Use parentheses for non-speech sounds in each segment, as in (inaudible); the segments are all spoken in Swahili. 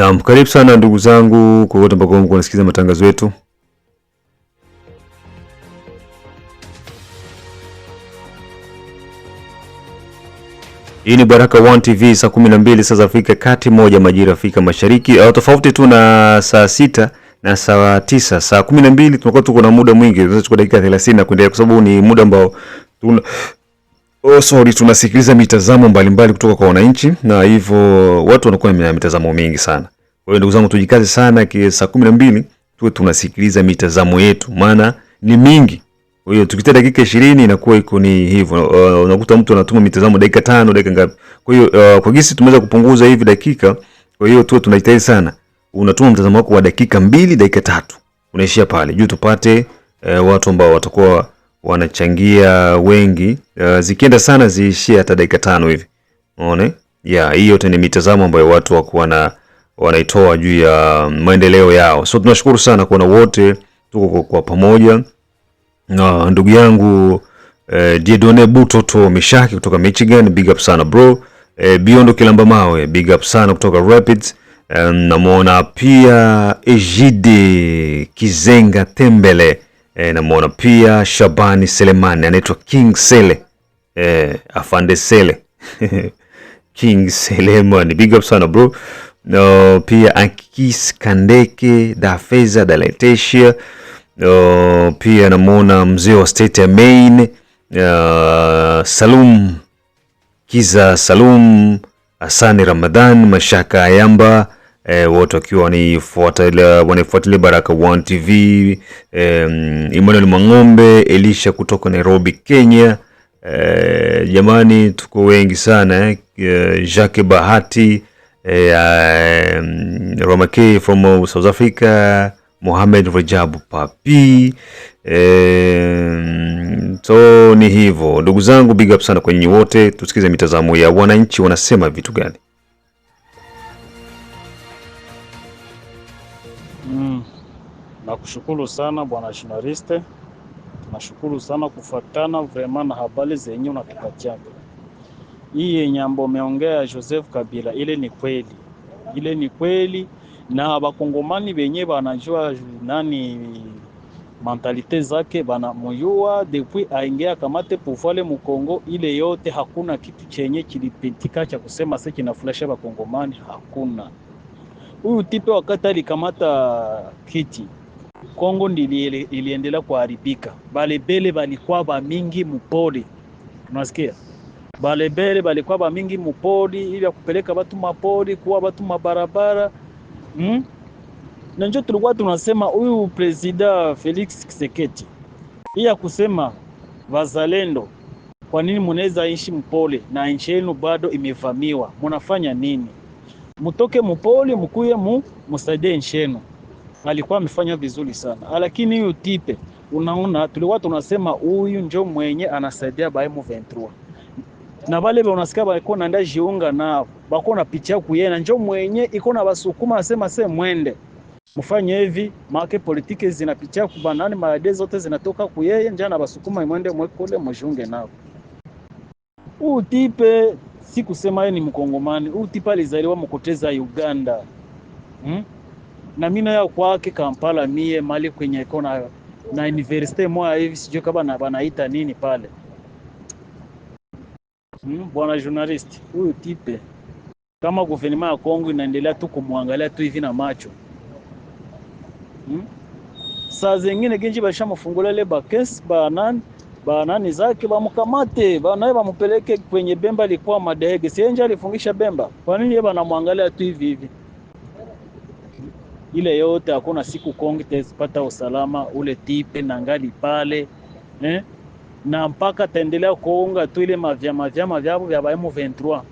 Naam, karibu sana ndugu zangu kokote ambako mko nasikiliza matangazo yetu. Hii ni Baraka 1 TV saa 12 saa za Afrika Kati, moja majira Afrika Mashariki, au ah, tofauti tu na saa sita na saa tisa saa 12 tunakuwa tuko na muda mwingi, tunachukua dakika 30 na kuendelea, kwa sababu ni muda ambao tuna Oh, sorry, tunasikiliza mitazamo mbalimbali kutoka kwa wananchi, na hivyo watu wanakuwa na mitazamo mingi sana. Kwa hiyo ndugu zangu, tujikaze sana, saa kumi na mbili tuwe tunasikiliza mitazamo yetu, maana ni mingi. Kwa hiyo tukitia dakika ishirini inakuwa iko ni hivyo. Uh, unakuta mtu anatuma mitazamo dakika tano, dakika ngapi. Kwa hiyo uh, kwa gisi tumeweza kupunguza hivi dakika. Kwa hiyo tuwe tunahitaji sana, unatuma mtazamo wako wa dakika mbili, dakika tatu, unaishia pale juu, tupate uh, watu ambao watakuwa wanachangia wengi uh, zikienda sana ziishie hata dakika tano hivi unaona. Yeah, hii yote ni mitazamo ambayo watu wakuwa na wanaitoa juu ya mm, maendeleo yao. So tunashukuru sana kuona wote tuko kwa pamoja na ndugu yangu eh, Diedone Butoto Mishaki kutoka Michigan, big up sana bro. Eh, Biondo Kilamba Mawe, big up sana kutoka Rapids. Eh, namwona pia Ejide Kizenga Tembele e, namwona pia Shabani Selemani anaitwa King Sele e, afande Sele (laughs) King Selemani, big up sana bro. No, pia Akis Kandeke da Feza da Letesia. no, pia namwona mzee wa state ya Maine uh, Salum Kiza Salum Asani Ramadhan Mashaka Ayamba E, wote wakiwa wanaifuatilia Baraka One TV e, Emmanuel Mang'ombe Elisha kutoka Nairobi, Kenya. E, jamani tuko wengi sana e, Jacques Bahati e, um, Ramake from South Africa, Mohamed Rajabu Papi e, so ni hivyo ndugu zangu, big up sana kwa wote. Tusikize mitazamo ya wananchi wanasema vitu gani. Nakushukuru sana bwana journaliste, tunashukuru sana kufatana vraiment na habari zenye unatupatia. Hii yenye ambayo umeongea Joseph Kabila, ile ni kweli, ile ni kweli, na wakongomani benye wanajua nani mentalite zake banamuyua depuis aingia kamate puvale mukongo. Ile yote hakuna kitu chenye kilipitika cha kusema sasa kinafurahisha bakongomani, hakuna. Huyu tipe wakati alikamata kiti Kongo ndili iliendelea kuharibika, balebele balikuwa ba mingi mupoli unasikia balebele balikuwa ba mingi mupoli ili ya kupeleka batu mapoli kuwa batu mabarabara hmm? na njo tulikuwa tunasema huyu presida Felix Kiseketi iya kusema wazalendo, kwa nini munaweza ishi mpole na nchi yenu bado imevamiwa? Munafanya nini? Mutoke mupoli mukuye mu musaidie nchi yenu alikuwa amefanya vizuri sana, ah, lakini huyu tipe, unaona tulikuwa tunasema huyu njo mwenye anasaidia ba M23 na wale vale unasikia balikuwa naenda jiunga nao, bako na picha kuyena njo mwenye iko na basukuma asema se mwende mfanye hivi make politiki zinapitia kubanani maade zote zinatoka kuyeye njana basukuma imwende mwekole mjiunge nao. Huu tipe si kusema yeye ni Mkongomani. Huu tipe alizaliwa mkoteza Uganda, hmm? na mimi nayo kwake Kampala, mie mali kwenye kona na university moja hivi, sijui kama banaita nini pale hmm. Bwana journalist huyu tipe, kama guvernema ya Kongo inaendelea tu kumwangalia tu hivi na macho hmm. Saa zengine genji bashamufungula ile bakesi banani banani zake bamukamate banaye bamupeleke kwenye bemba, alikuwa madege sienje alifungisha bemba. Kwa nini yeye banamwangalia tu hivi hivi? ile yote, hakuna siku Kongo itazipata usalama ule tipe na ngali pale eh? na mpaka taendelea kuunga tu ile mavyama vyama vyao vya ba M23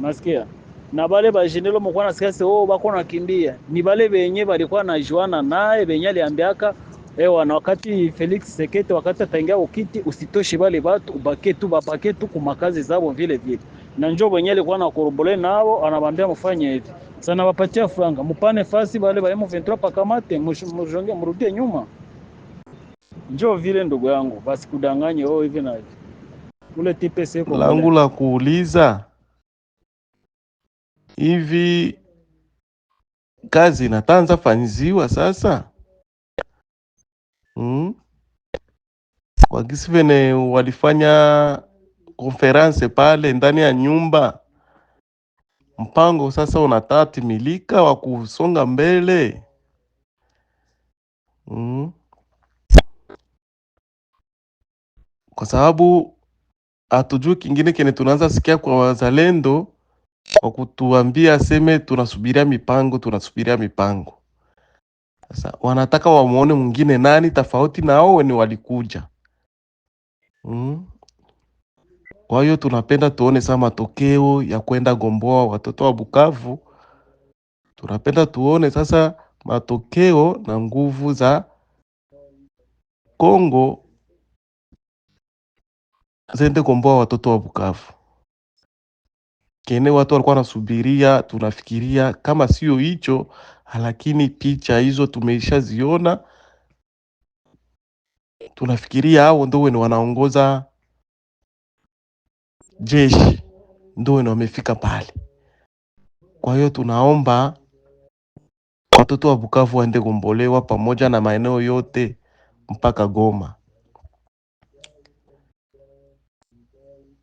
nasikia na bale ba jenelo mko na se oh bako na kimbia ni bale benye balikuwa na juana naye benye aliambiaka ewa eh, na wakati Felix Sekete wakati ataingia ukiti usitoshe bale batu ubake tu babake tu kumakazi zabo vile vile na njoo benye alikuwa na korobole nao anabambia mfanye hivi sana wapatia franga, mupane fasi wale wa M23 pakamate, mshonge mrudie nyuma. Njoo vile ndugu yangu, basi kudanganye oh, hivi na hivi ule TPC. Langu la kuuliza hivi, kazi inatanza fanyiziwa sasa mm? Kwa kisi vene walifanya konferanse pale ndani ya nyumba mpango sasa unatatimilika wa kusonga mbele mm. Kwa sababu hatujui kingine kene tunaanza sikia kwa wazalendo kwa kutuambia aseme tunasubiria mipango, tunasubiria mipango. Sasa wanataka wamuone mwingine nani tofauti na wao ni walikuja mm. Kwa hiyo tunapenda tuone saa matokeo ya kwenda gomboa watoto wa Bukavu, tunapenda tuone sasa matokeo na nguvu za Kongo zende gomboa watoto wa Bukavu kene watu walikuwa nasubiria, tunafikiria kama sio hicho, lakini picha hizo tumeshaziona, tunafikiria hao ndio wanaongoza jeshi ndio na wamefika pale. Kwa hiyo tunaomba watoto wa Bukavu waende gombolewa pamoja na maeneo yote mpaka Goma.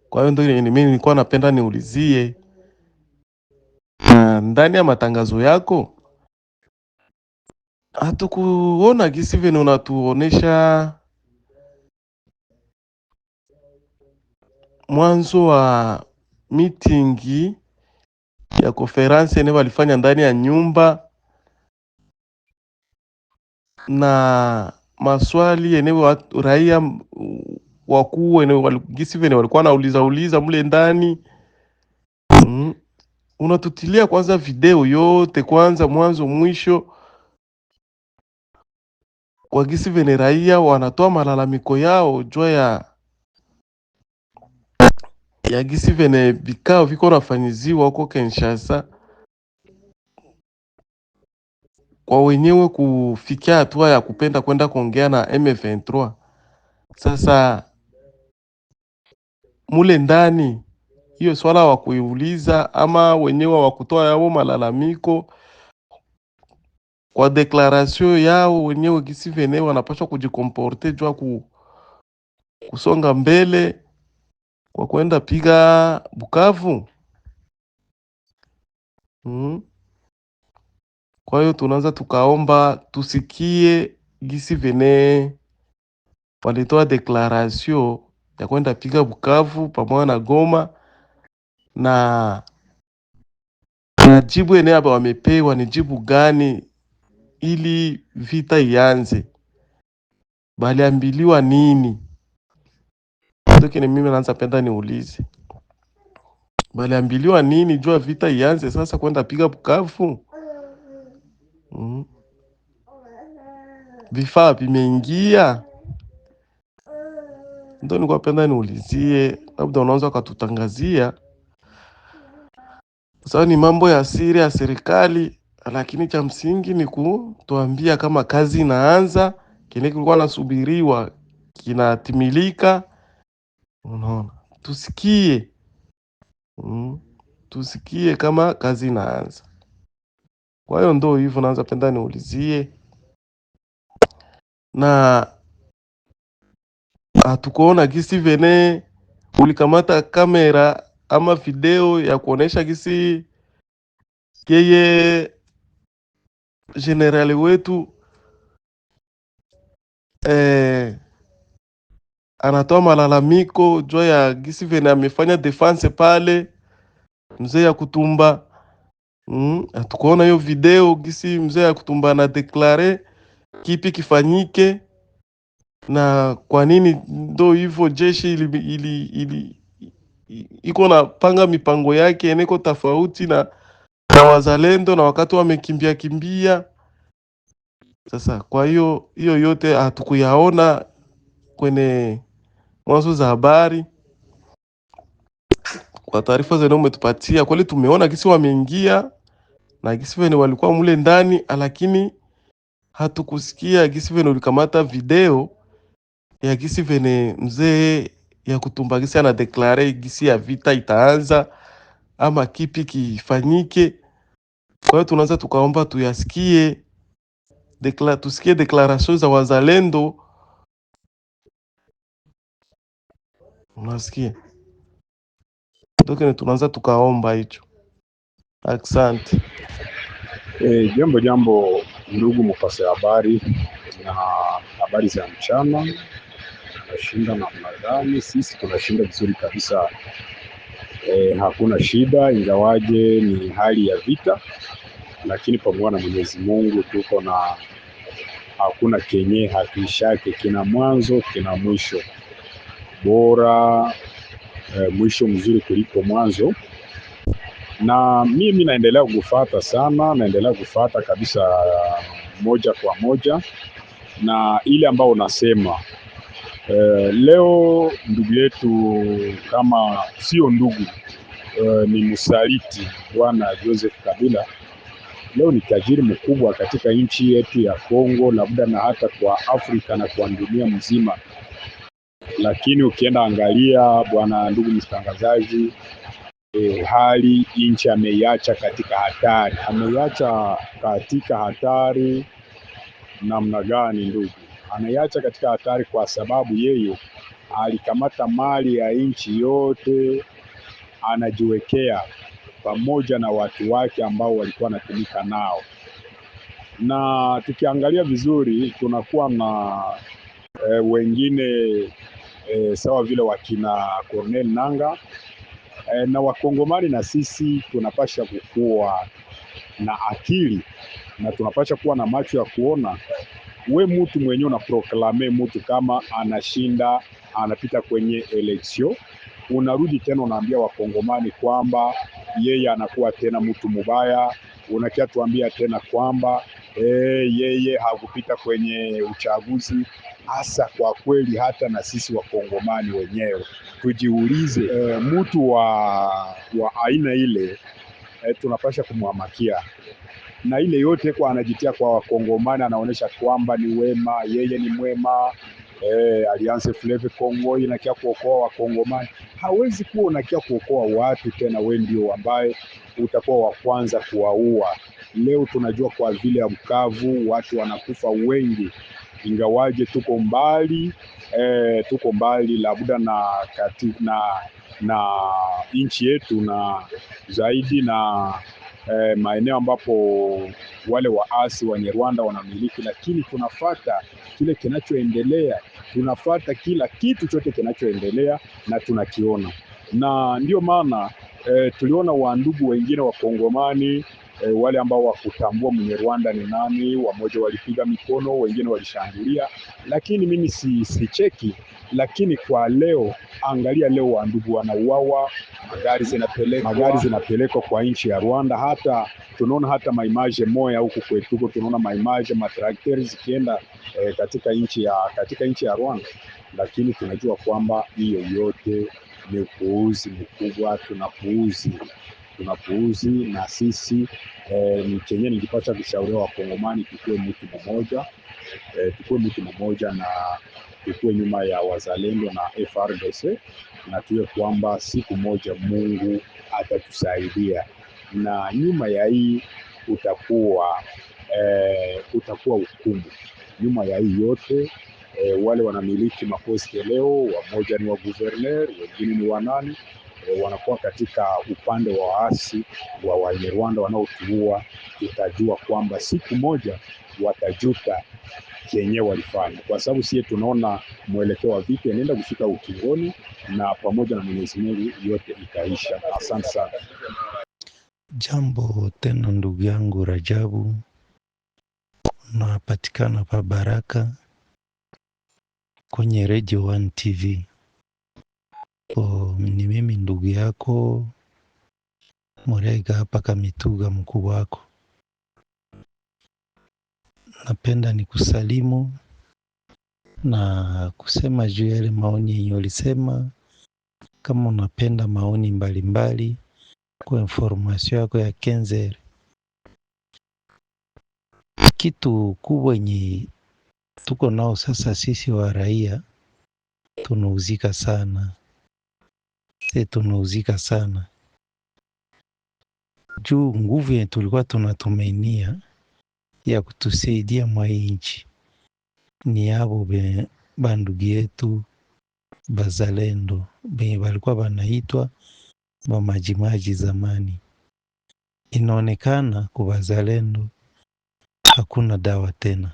Kwa hiyo ndio mimi nilikuwa napenda niulizie ah, ndani ya matangazo yako hatukuona gisi vyenye unatuonesha mwanzo wa mitingi ya konferansi yene walifanya ndani ya nyumba na maswali yenyewe raia wakuu wenyewe gisi venye walikuwa nauliza uliza mle ndani mm. Unatutilia kwanza video yote kwanza mwanzo mwisho kwa gisi vene raia wanatoa malalamiko yao jua ya ya gisi vene vikao viko nafanyiziwa huko Kinshasa kwa wenyewe kufikia hatua ya kupenda kwenda kuongea na M23. Sasa mule ndani hiyo swala wa kuiuliza ama wenyewe wa kutoa yao malalamiko kwa deklarasio yao wenyewe, gisi vene wanapaswa kujikomporte jua kusonga mbele kwa kwenda piga Bukavu Hmm. Kwa hiyo tunaanza tukaomba tusikie gisi vene walitoa deklarasio ya kwenda piga Bukavu pamoja na Goma na na jibu ene aba wamepewa ni jibu gani ili vita ianze, baliambiliwa nini? Lakini mimi naanza penda niulize, baliambiliwa nini jua vita ianze sasa kwenda piga Bukavu? Mm. Vifaa vimeingia, ndo nilikuwa penda niulizie, labda unaanza ukatutangazia. Sasa ni mambo ya siri ya serikali, lakini cha msingi ni kutuambia kama kazi inaanza, kile kilikuwa nasubiriwa kinatimilika. Unaona, tusikie mm. Tusikie kama kazi inaanza. Kwa hiyo ndo hivyo, naanza penda niulizie, na hatukuona gisi vene ulikamata kamera ama video ya kuonesha gisi yeye generali wetu eh, anatoa malalamiko jua ya gisi vene amefanya defense pale mzee ya kutumba mm. Hatukuona hiyo video gisi mzee ya kutumba na deklare kipi kifanyike na kwa nini ndo hivyo jeshi ili, ili, ili, iko na panga mipango yake eneko tofauti na, na wazalendo na wakati wamekimbia kimbia. Sasa kwa hiyo hiyo yote hatukuyaona kwenye mwanzo za habari kwa taarifa zenye umetupatia kweli, tumeona gisi wameingia na gisi vene walikuwa mule ndani, lakini hatukusikia gisi vene ulikamata video ya gisi vene mzee ya kutumba gisi anadeklare gisi ya vita itaanza ama kipi kifanyike. Kwa hiyo tunaanza tukaomba tuyasikie dekla, tusikie deklarasion za wazalendo Unasikia, ndio tunaanza tukaomba hicho. Asante. E, jambo jambo, ndugu mupase habari na habari za mchana. Tunashinda namna gani? Sisi tunashinda vizuri kabisa e, hakuna shida, ingawaje ni hali ya vita, lakini pamoja na Mwenyezi Mungu tuko na hakuna kenye hakishake kina mwanzo kina mwisho bora e, mwisho mzuri kuliko mwanzo. Na mimi naendelea kufata sana, naendelea kufuata kabisa moja kwa moja na ile ambayo unasema e, eh, leo ndugu yetu kama sio ndugu e, ni msaliti Bwana Joseph Kabila leo ni tajiri mkubwa katika nchi yetu ya Kongo, labda na hata kwa Afrika na kwa dunia mzima lakini ukienda angalia, bwana ndugu mtangazaji, e, hali nchi ameiacha katika hatari, ameiacha katika hatari namna gani? Ndugu, ameiacha katika hatari kwa sababu yeye alikamata mali ya nchi yote anajiwekea pamoja na watu wake ambao walikuwa wanatumika nao, na tukiangalia vizuri tunakuwa na e, wengine e, sawa vile wakina Cornel Nanga e, na Wakongomani na sisi tunapasha kukua na akili na tunapasha kuwa na macho ya kuona. We mtu mwenyewe unaproklame mtu kama anashinda anapita kwenye eleksio, unarudi tena unaambia wakongomani kwamba yeye anakuwa tena mtu mubaya, unakia tuambia tena kwamba e, yeye hakupita kwenye uchaguzi hasa kwa kweli, hata na sisi wakongomani wenyewe tujiulize, e, mtu wa, wa aina ile e, tunapasha kumhamakia na ile yote kwa anajitia kwa wakongomani, anaonyesha kwamba ni wema, yeye ni mwema e, Alliance Fleuve Congo inakia kuokoa wakongomani. Hawezi kuwa unakia kuokoa watu tena, wewe ndio ambaye utakuwa wa kwanza kuwaua. Leo tunajua kwa vile ya mkavu watu wanakufa wengi ingawaje tuko mbali e, tuko mbali labda na, na, na nchi yetu na zaidi na e, maeneo ambapo wale waasi wa rwanda wanamiliki, lakini tunafata kile kinachoendelea, tunafata kila kitu chote kinachoendelea na tunakiona, na ndio maana e, tuliona wandugu wengine wakongomani e, wale ambao wakutambua mwenye Rwanda ni nani, wamoja walipiga mikono, wengine walishangilia, lakini mimi si, sicheki. Lakini kwa leo, angalia leo, wandugu wanauawa, magari zinapelekwa magari zinapelekwa kwa nchi ya Rwanda. Hata tunaona hata maimaje moya huku kwetu tunaona maimaje matrakter zikienda e, katika nchi ya katika nchi ya Rwanda, lakini tunajua kwamba hiyo yote ni upuuzi mkubwa, tunapuuzi tunapuuzi na sisi e, chenye nilipata kushauriwa Wakongomani tukue mtu mmoja e, tukue mtu mmoja na tukue nyuma ya wazalendo na FRDC na tuwe kwamba siku moja Mungu atatusaidia, na nyuma ya hii utakuwa e, utakuwa hukumu. Nyuma ya hii yote e, wale wanamiliki maposte leo wamoja ni wa guverner, wengine ni wanani e, wanakuwa katika upande wa waasi wa Wanyarwanda wanaotuua, utajua kwamba siku moja watajuta kenye walifanya, kwa sababu sie tunaona mwelekeo wa vipi anaenda kufika ukingoni, na pamoja na Mwenyezi Mungu yote itaisha. Asante sana. Jambo tena, ndugu yangu Rajabu, unapatikana pa Baraka kwenye Radio 1 TV. Ni mimi ndugu yako Murega hapa Kamituga, mkuu wako. Napenda kusalimu na kusema juu yale maoni yenye ulisema. Kama unapenda maoni mbalimbali kwa informasio yako ya Kenzer, kitu kubwa yenye tuko nao sasa sisi wa raia tunauzika sana se tunauzika sana juu nguvu yenye tulikuwa tunatumainia ya kutusaidia mwa ni yabo bandugu yetu bazalendo benye balikuwa banaitwa bamajimaji zamani. Inaonekana ku bazalendo hakuna dawa tena,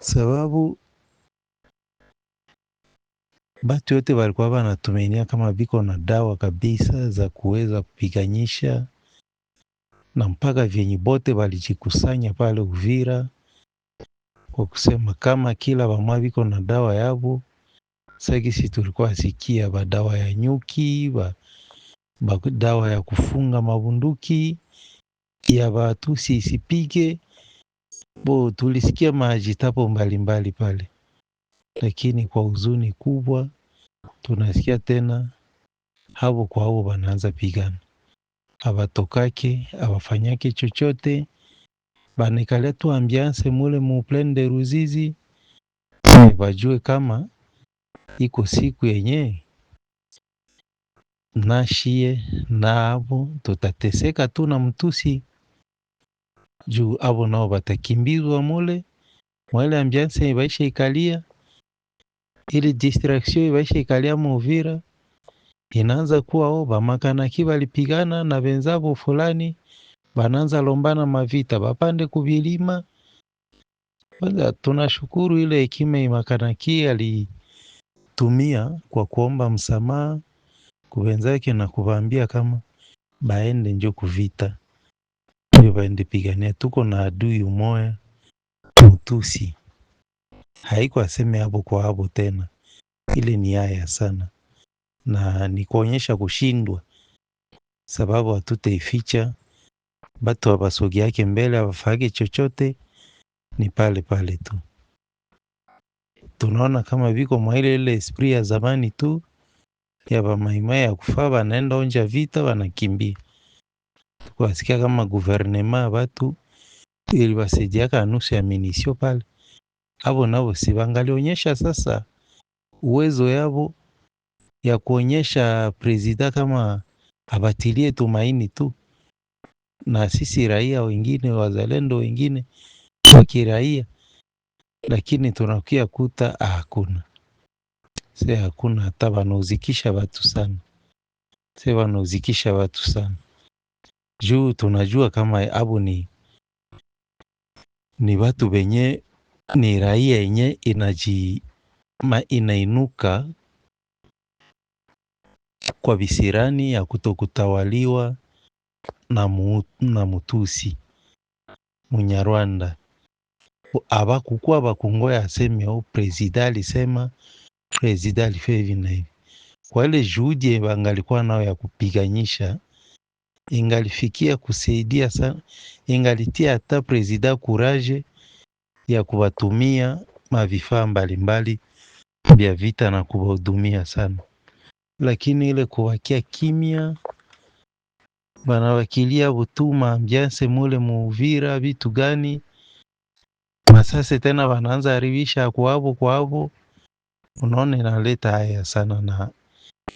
sababu Batu yote walikuwa wanatumainia kama viko na dawa kabisa za kuweza kupiganyisha, na mpaka vyenye bote walijikusanya pale Uvira kwa kusema kama kila wamwa viko na dawa yavo. Sagisi tulikuwa sikia ba dawa ya nyuki ba, ba dawa ya kufunga mabunduki ya batu sisipige bo, tulisikia majitapo mbalimbali mbali pale, lakini kwa huzuni kubwa tunasikia tena havo kwa havo wanaanza pigana, avatokake avafanyake chochote, banikale tu ambiance mule muplen de Ruzizi vajue kama iko siku yenye nashie navo tutateseka tu na mtusi juu avo nao watakimbizwa mule mwale ambiance ibaisha ikalia ili distraction ibaishe ikalia muvira inaanza kuwa o bamakanaki balipigana na benzabo fulani bananza lombana mavita bapande kubilima kwanza tunashukuru ile hekima imakanaki alitumia kwa kuomba msamaha kubenzake na kuvaambia kama baende njo kuvita ndio baende pigania tuko na adui umoya mutusi haiko aseme hapo kwa hapo tena, ile ni haya sana na ni kuonyesha kushindwa, sababu hatutaificha batu abasogi yake mbele abafage chochote, ni pale pale tu tunaona kama viko mwaile ile esprit ya zamani tu ya bamaimai ya kufaa, banaenda onja vita banakimbia. Tukuasikia kama guvernema batu ilibasaidiaka anusu ya minisio pale avo navo si vangalionyesha sasa uwezo yavo ya kuonyesha prezida kama abatilie tumaini tu, na sisi raia wengine wazalendo wengine wa kiraia, lakini tunakia kuta hakuna se hakuna hata wanauzikisha watu sana, se wanauzikisha watu sana juu tunajua kama abu ni ni watu wenye ni raia yenye inaji ma inainuka kwa visirani ya kutokutawaliwa na, mu, na mutusi munyarwanda abakukuwa bakungoya ya o oh, prezida alisema prezida alifanya hivi na hivi. Kwa ile juhudi bangalikuwa nao ya kupiganyisha, ingalifikia kusaidia sana, ingalitia hata prezida kuraje ya kuwatumia mavifaa mbalimbali vya vita na kuwahudumia sana, lakini ile kuwakia kimya wanawakilia butuma ambianse mule muuvira vitu gani masase tena wanaanza haribisha kwavo kwavo, unaona inaleta haya sana, na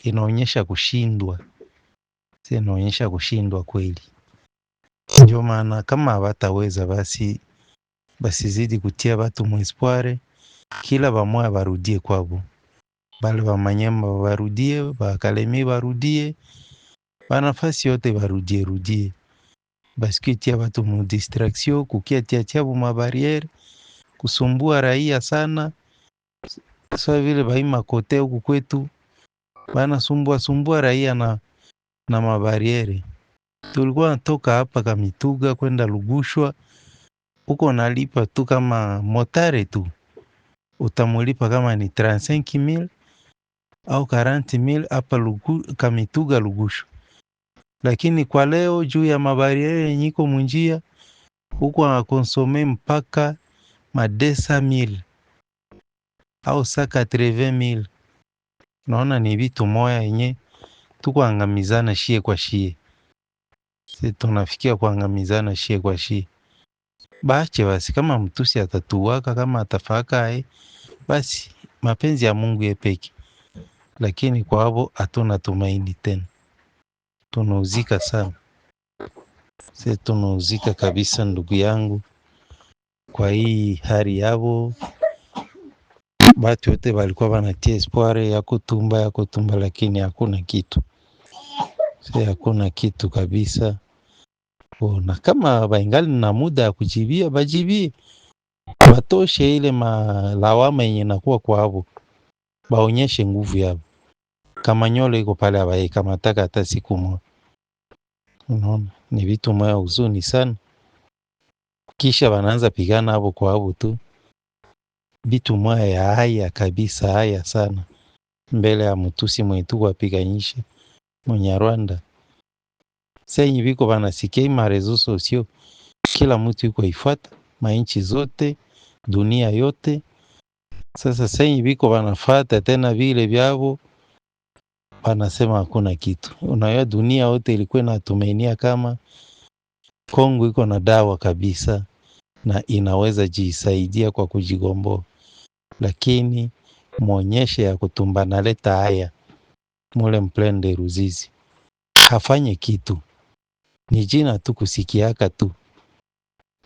inaonyesha kushindwa, si inaonyesha kushindwa kweli. Ndio maana kama hawataweza basi basizidi kutia batu muespoire, kila bamoya barudie kwabo, bale bamanyema barudie, bakalemi barudie, banafasi yote barudie rudie, basiki tia batu mu distraction, kukia tia chabo ma kusumbua raia sana sa vile baima kote huku kwetu bana sumbua sumbua raia na, na mabariere. Tulikuwa natoka hapa Kamituga kwenda Lugushwa uko unalipa tu kama motare tu, utamulipa kama ni 35000 au 40000 hapa lugu, Kamituga Lugushu. Lakini kwa leo juu ya mabariere yenyiko munjia huko anakonsome mpaka madesa mil au saka treve mil. Naona ni vitu moya yenye tukuangamizana shie kwa shie, si tunafikia kuangamizana shie kwa shie baache basi, kama mtusi atatuwaka kama atafakae basi mapenzi ya Mungu yepeki lakini kwa hapo hatuna tumaini tena, tunauzika sana, se tunauzika kabisa, ndugu yangu, kwa hii hali yavo. Batu yote walikuwa wanatia espoire ya kutumba ya kutumba, lakini hakuna kitu se, hakuna kitu kabisa na kama baingali na muda ya kujibia bajibie, batoshe ile malawama yenye nakuwa kwavo, baonyeshe nguvu yavo. Kama nyole iko pale abaikamataka hata siku moja. Unaona, ni vitu moya huzuni sana, kisha wanaanza pigana hapo kwa hapo tu, vitu moya ya haya kabisa, haya sana mbele ya mtusi mwetu mwenye Munyarwanda senyi viko vanasikia ma marezo sociaux, kila mtu yuko ifuata mainchi zote dunia yote. Sasa senyi viko vanafata tena vile vyavo, vanasema hakuna kitu. Unajua dunia yote ilikuwa inatumainia kama Kongo iko na dawa kabisa na inaweza jisaidia kwa kujigomboa, lakini mwonyeshe ya kutumba naleta haya mule mplende Ruzizi hafanye kitu ni jina tu kusikiaka tu,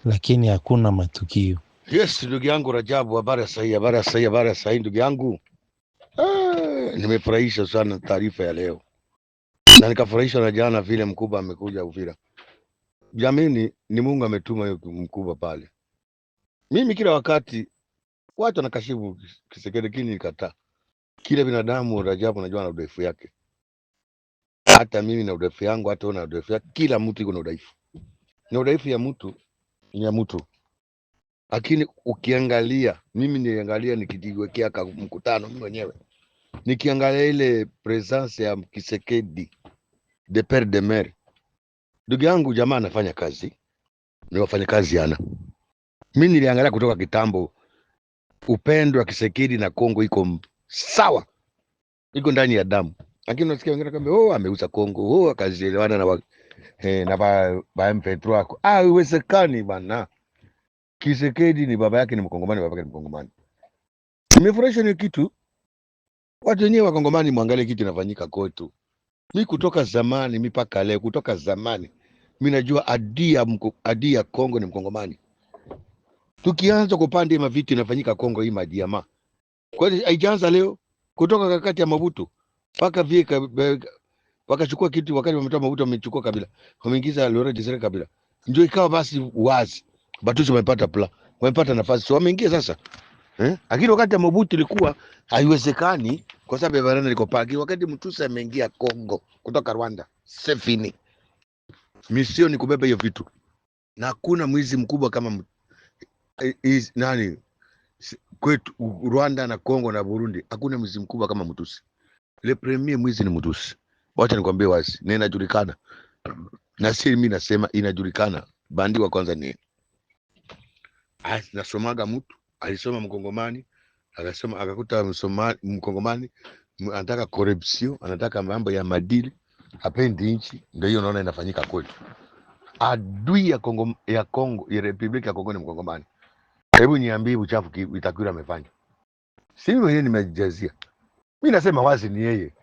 lakini hakuna matukio. Yes, ndugu yangu Rajabu, habari ya sahii, habari ya sahii, habari ya sahii ndugu yangu. Ah, nimefurahisha sana taarifa ya leo na nikafurahishwa na jana vile mkubwa amekuja Uvira. Jamini, ni Mungu ametuma hiyo mkubwa pale. Mimi kila wakati watu wanakashifu Kisekedi, lakini nikataa. kile binadamu Rajabu, najua na udhaifu yake hata mimi na udhaifu yangu, hata na udhaifu yake. Kila mtu iko na udhaifu, na udhaifu ya mtu ni ya mtu. Lakini ukiangalia, mimi niangalia nikijiwekea mkutano mimi mwenyewe, nikiangalia ile presence ya Kisekedi de per de mer, ndugu yangu, jamaa anafanya kazi, ni wafanya kazi ana mimi niliangalia kutoka kitambo, upendo wa Kisekedi na Kongo iko sawa, iko ndani ya damu. Lakini unasikia wengine kwamba oh, ameuza Kongo, oh, akazielewana na wa, eh, na ba, ba M23 wako. Ah, iwezekani bana. Kisekedi ni baba yake ni Mkongomani, baba yake ni Mkongomani. Nimefurahisha ni kitu. Watu wenyewe Wakongomani mwangalie kitu inafanyika kwetu. Mi kutoka zamani mi paka leo, kutoka zamani mi najua adia mko, adia Kongo ni Mkongomani. Tukianza kupanda mavita inafanyika Kongo hii majiama, kwani haijaanza leo kutoka kakati ya Mabutu mpaka vie wakachukua kitu, wakati wametoa mafuta wamechukua kabila, wameingiza lore Desire Kabila, ndio ikawa basi wazi Batusi wamepata pla, wamepata nafasi, so wameingia sasa eh? Lakini wakati ya Mobutu ilikuwa haiwezekani kwa sababu Evarene liko paki. Wakati Mtusi ameingia Kongo kutoka Rwanda, sefini misio ni kubeba hiyo vitu, na hakuna mwizi mkubwa kama eh, is, nani kwetu Rwanda na Kongo na Burundi, hakuna mwizi mkubwa kama Mtusi. Le premier mwizi ni mtusi. Wacha nikwambie wazi, na inajulikana, na si mimi nasema, inajulikana. Bandi wa kwanza ni nasomaga, mtu alisoma Mkongomani, akasoma akakuta msoma, Mkongomani anataka korepsio anataka mambo ya madili, hapendi nchi. Ndio hiyo naona inafanyika kwetu. Adui ya Kongo, ya Kongo, ya Republika ya Kongo ni Mkongomani. Hebu niambie uchafu kitakwira amefanya, si mimi nimejazia. Mi nasema wazi ni yeye.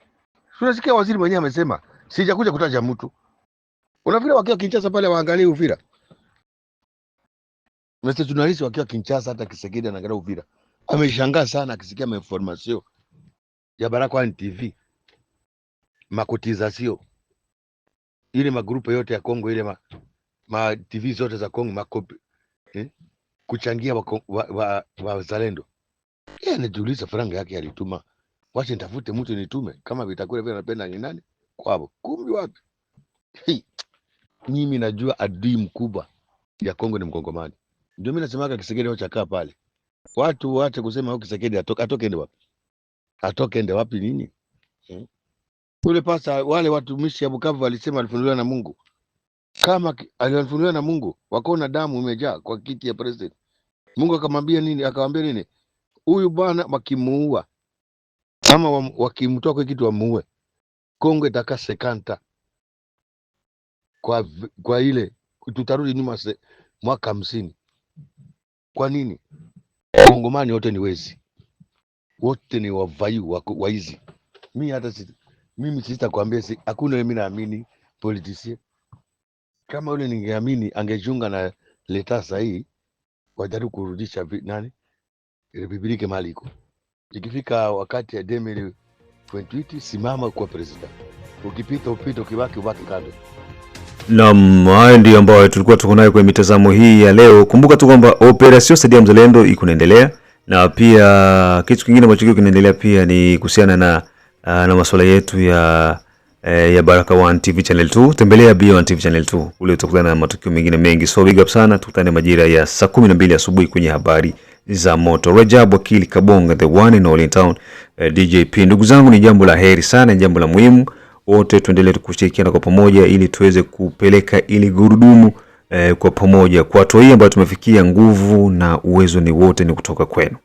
Unasikia waziri mwenyewe amesema sijakuja kutaja mtu. Unafikiri wakiwa Kinshasa pale waangalie Uvira? Mr. Tunalisi wakiwa Kinshasa hata Kisekedi anaangalia Uvira. Ameshangaa sana akisikia mainformasio ya Baraka1 TV. Makotizasio. Ile magrupu yote ya Kongo ile ma, ma TV zote za Kongo makopi. Eh? Kuchangia wa Wa, wa, wa, zalendo. yeye anajiuliza faranga yake alituma ya wache nitafute mtu nitume kama vitakula vile anapenda ni nani kwao, kumbi wapi? Hey, mimi najua adui mkubwa ya Kongo ni Mkongomani. Ndio mimi nasemaga kisegede Kisekedi kaa pale, watu waache kusema kisegede atoke, atoke ende wapi? Atoke ende wapi nini? hmm? Ule pasa wale watumishi ya Bukavu walisema alifunuliwa na Mungu, kama alifunuliwa na Mungu, wakaona damu imejaa kwa kiti ya president. Mungu akamwambia nini? Akamwambia nini? Huyu bwana wakimuua ama wakimtoa kwa kitu wamuue. Kongo itakaa sekanta kwa, kwa ile tutarudi nyuma se, mwaka hamsini. Kwa nini? Kongomani wote ni wezi, wote ni wavai waizi. Mi hata si, mimi sitakwambia si, hakuna mimi naamini politisie. Kama yule ningeamini angejiunga na leta sahii wajaribu kurudisha nani republike mali iko Ikifika wakati ya demil 2028 simama kuwa president, ukipita upita, ukibaki ubaki kando. nam hayo ndio ambayo tulikuwa tuko nayo kwenye mitazamo hii ya leo. Kumbuka tu kwamba operasio Sadia Mzalendo iko naendelea na pia kitu kingine ambacho kio kinaendelea pia ni kuhusiana na, ah, na masuala yetu ya eh, ya Baraka One TV Channel 2. Tembelea B1 TV Channel 2, ule utakutana na matukio mengine mengi. So big up sana, tukutane majira ya saa 12 asubuhi kwenye habari za moto. Rajab Wakili Kabonga, the one in all in town, uh, eh, DJP. Ndugu zangu, ni jambo la heri sana, jambo la muhimu, wote tuendelee kushirikiana kwa pamoja ili tuweze kupeleka ili gurudumu uh, kwa pamoja. Kwa hatua hii ambayo tumefikia, nguvu na uwezo ni wote, ni kutoka kwenu.